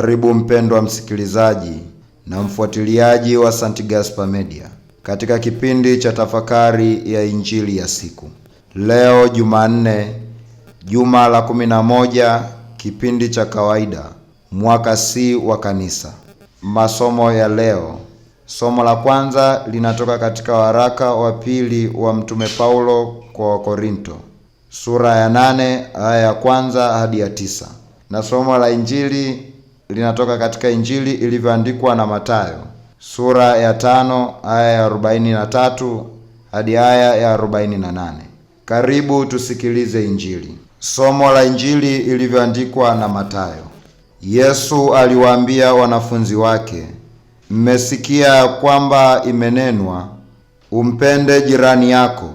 Karibu mpendwa msikilizaji na mfuatiliaji wa St. Gaspar Media katika kipindi cha tafakari ya injili ya siku leo, Jumanne, juma la 11 kipindi cha kawaida, mwaka C wa Kanisa. Masomo ya leo, somo la kwanza linatoka katika waraka wa pili wa Mtume Paulo kwa Wakorinto sura ya 8 aya ya kwanza hadi ya tisa na somo la injili linatoka katika Injili ilivyoandikwa na Mathayo sura ya tano aya ya arobaini na tatu hadi aya ya arobaini na nane. Karibu tusikilize Injili. Somo la Injili ilivyoandikwa na Mathayo. Yesu aliwaambia wanafunzi wake, mmesikia kwamba imenenwa, umpende jirani yako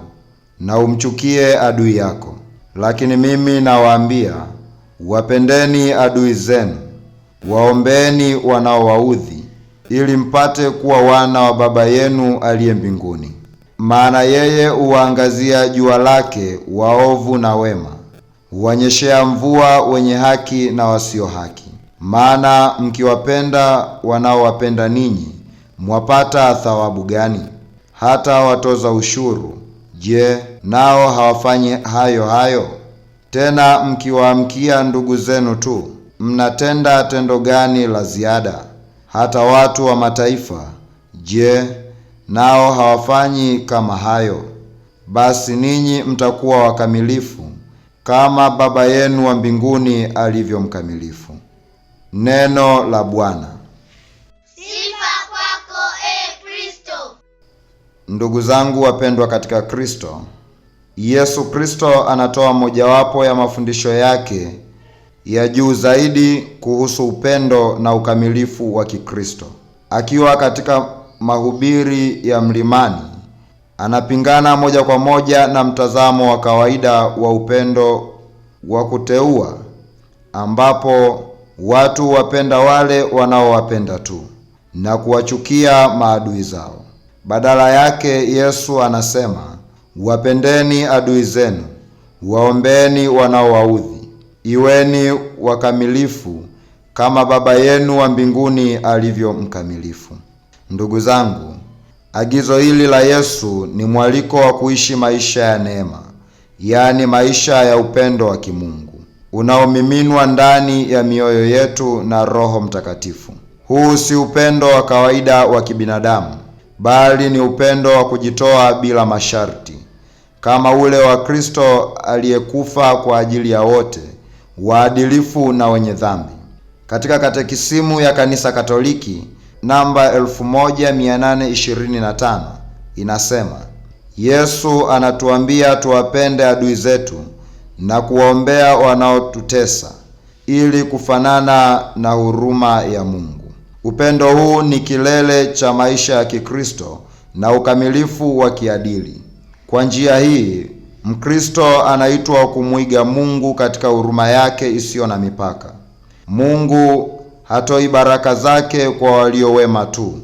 na umchukie adui yako. Lakini mimi nawaambia, wapendeni adui zenu waombeeni wanaowaudhi, ili mpate kuwa wana wa Baba yenu aliye mbinguni. Maana yeye huwaangazia jua lake waovu na wema, huwanyeshea mvua wenye haki na wasio haki. Maana mkiwapenda wanaowapenda ninyi, mwapata thawabu gani? Hata watoza ushuru, je, nao hawafanyi hayo hayo? Tena mkiwaamkia ndugu zenu tu mnatenda tendo gani la ziada? Hata watu wa mataifa, je, nao hawafanyi kama hayo? Basi ninyi mtakuwa wakamilifu kama Baba yenu wa mbinguni alivyo mkamilifu. Neno la Bwana. Sifa kwako e Kristo. Ndugu zangu wapendwa katika Kristo, Yesu Kristo anatoa mojawapo ya mafundisho yake ya juu zaidi kuhusu upendo na ukamilifu wa Kikristo. Akiwa katika mahubiri ya mlimani, anapingana moja kwa moja na mtazamo wa kawaida wa upendo wa kuteua ambapo watu wapenda wale wanaowapenda tu na kuwachukia maadui zao. Badala yake, Yesu anasema, wapendeni adui zenu, waombeeni wanaowaudhi iweni wakamilifu kama Baba yenu wa mbinguni alivyo mkamilifu. Ndugu zangu, agizo hili la Yesu ni mwaliko wa kuishi maisha ya neema, yaani maisha ya upendo wa kimungu unaomiminwa ndani ya mioyo yetu na Roho Mtakatifu. Huu si upendo wa kawaida wa kibinadamu, bali ni upendo wa kujitoa bila masharti, kama ule wa Kristo aliyekufa kwa ajili ya wote waadilifu na wenye dhambi. Katika katekisimu ya Kanisa Katoliki namba 1825 inasema, Yesu anatuambia tuwapende adui zetu na kuwaombea wanaotutesa ili kufanana na huruma ya Mungu. Upendo huu ni kilele cha maisha ya Kikristo na ukamilifu wa kiadili. Kwa njia hii Mkristo anaitwa kumwiga Mungu katika huruma yake isiyo na mipaka. Mungu hatoi baraka zake kwa walio wema tu,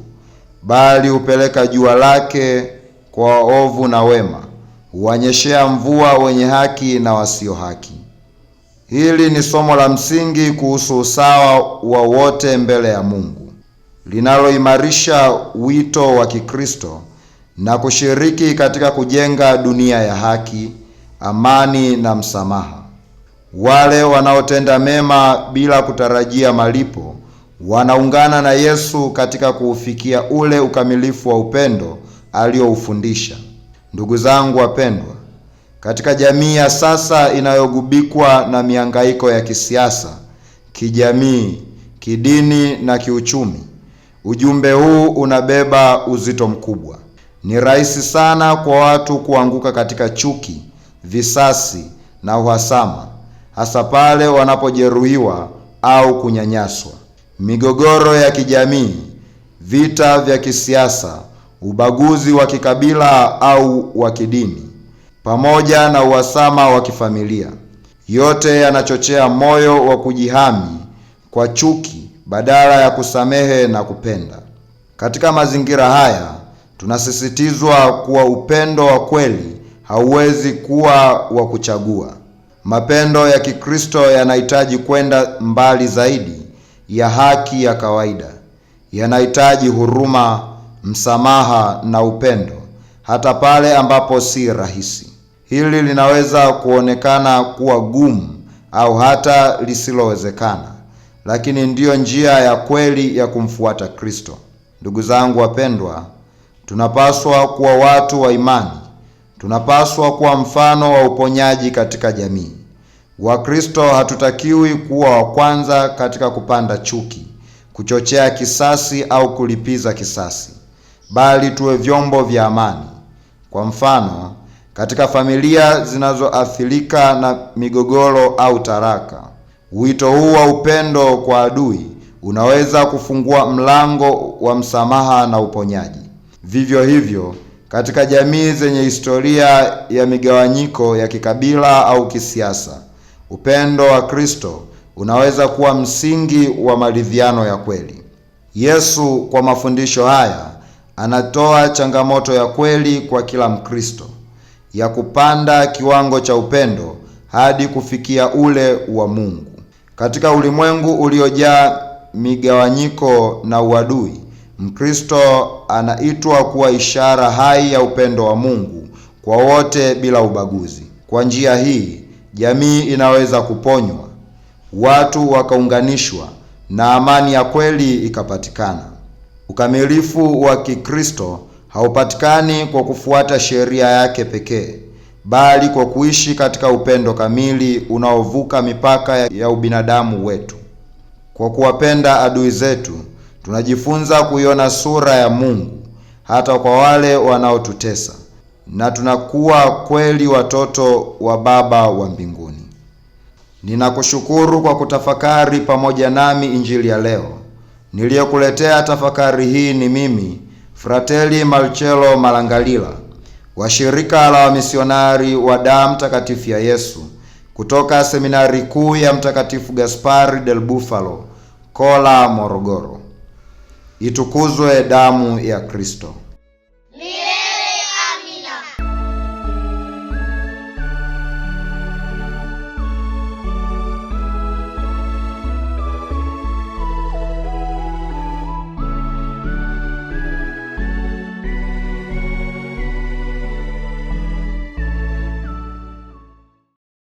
bali hupeleka jua lake kwa waovu na wema, huwanyeshea mvua wenye haki na wasio haki. Hili ni somo la msingi kuhusu usawa wa wote mbele ya Mungu linaloimarisha wito wa Kikristo na kushiriki katika kujenga dunia ya haki, amani na msamaha. Wale wanaotenda mema bila kutarajia malipo wanaungana na Yesu katika kuufikia ule ukamilifu wa upendo alioufundisha. Ndugu zangu wapendwa, katika jamii ya sasa inayogubikwa na mihangaiko ya kisiasa, kijamii, kidini na kiuchumi, ujumbe huu unabeba uzito mkubwa. Ni rahisi sana kwa watu kuanguka katika chuki, visasi na uhasama, hasa pale wanapojeruhiwa au kunyanyaswa. Migogoro ya kijamii, vita vya kisiasa, ubaguzi wa kikabila au wa kidini, pamoja na uhasama wa kifamilia, yote yanachochea moyo wa kujihami kwa chuki badala ya kusamehe na kupenda. Katika mazingira haya Tunasisitizwa kuwa upendo wa kweli hauwezi kuwa wa kuchagua. Mapendo ya Kikristo yanahitaji kwenda mbali zaidi ya haki ya kawaida. Yanahitaji huruma, msamaha na upendo hata pale ambapo si rahisi. Hili linaweza kuonekana kuwa gumu au hata lisilowezekana, lakini ndiyo njia ya kweli ya kumfuata Kristo. Ndugu zangu wapendwa, Tunapaswa kuwa watu wa imani. Tunapaswa kuwa mfano wa uponyaji katika jamii. Wakristo hatutakiwi kuwa wa kwanza katika kupanda chuki, kuchochea kisasi au kulipiza kisasi, bali tuwe vyombo vya amani. Kwa mfano, katika familia zinazoathirika na migogoro au taraka, wito huu wa upendo kwa adui unaweza kufungua mlango wa msamaha na uponyaji. Vivyo hivyo, katika jamii zenye historia ya migawanyiko ya kikabila au kisiasa, upendo wa Kristo unaweza kuwa msingi wa maridhiano ya kweli. Yesu kwa mafundisho haya anatoa changamoto ya kweli kwa kila Mkristo ya kupanda kiwango cha upendo hadi kufikia ule wa Mungu. Katika ulimwengu uliojaa migawanyiko na uadui, Mkristo anaitwa kuwa ishara hai ya upendo wa Mungu kwa wote bila ubaguzi. Kwa njia hii, jamii inaweza kuponywa, watu wakaunganishwa na amani ya kweli ikapatikana. Ukamilifu wa Kikristo haupatikani kwa kufuata sheria yake pekee, bali kwa kuishi katika upendo kamili unaovuka mipaka ya ubinadamu wetu, kwa kuwapenda adui zetu Tunajifunza kuiona sura ya Mungu hata kwa wale wanaotutesa na tunakuwa kweli watoto wa Baba wa mbinguni. Ninakushukuru kwa kutafakari pamoja nami injili ya leo. Niliyokuletea tafakari hii ni mimi Frateli Marcello Malangalila wa shirika la wamisionari wa damu takatifu ya Yesu kutoka seminari kuu ya Mtakatifu Gaspari del Bufalo, Kola, Morogoro. Itukuzwe damu ya Kristo!